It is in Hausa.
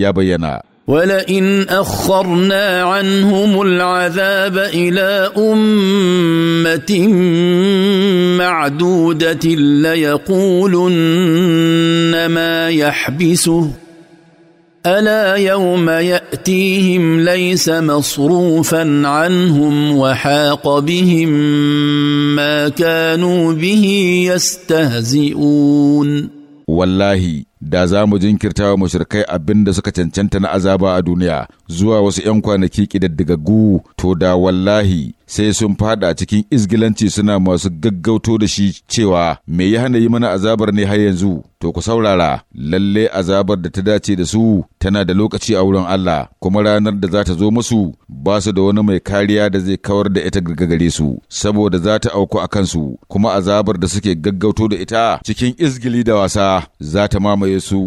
يا بينا ولئن اخرنا عنهم العذاب الى امه معدوده ليقولن ما يحبسه الا يوم ياتيهم ليس مصروفا عنهم وحاق بهم ما كانوا به يستهزئون wallahi da za mu jinkirta wa mashirkai abin da suka cancanta na azaba a duniya zuwa wasu ‘yan kwanaki ƙididdigaggu to da wallahi sai sun fada cikin izgilanci suna masu gaggauto da shi cewa me ya hana yi mana azabar ne har yanzu to ku saurara lalle azabar da ta dace da su tana da lokaci a wurin Allah kuma ranar da za ta zo musu ba su da wani mai kariya da zai kawar da ita gare su saboda za ta auku a kansu kuma azabar da suke gaggauto da ita cikin izgili da wasa za ta mamaye su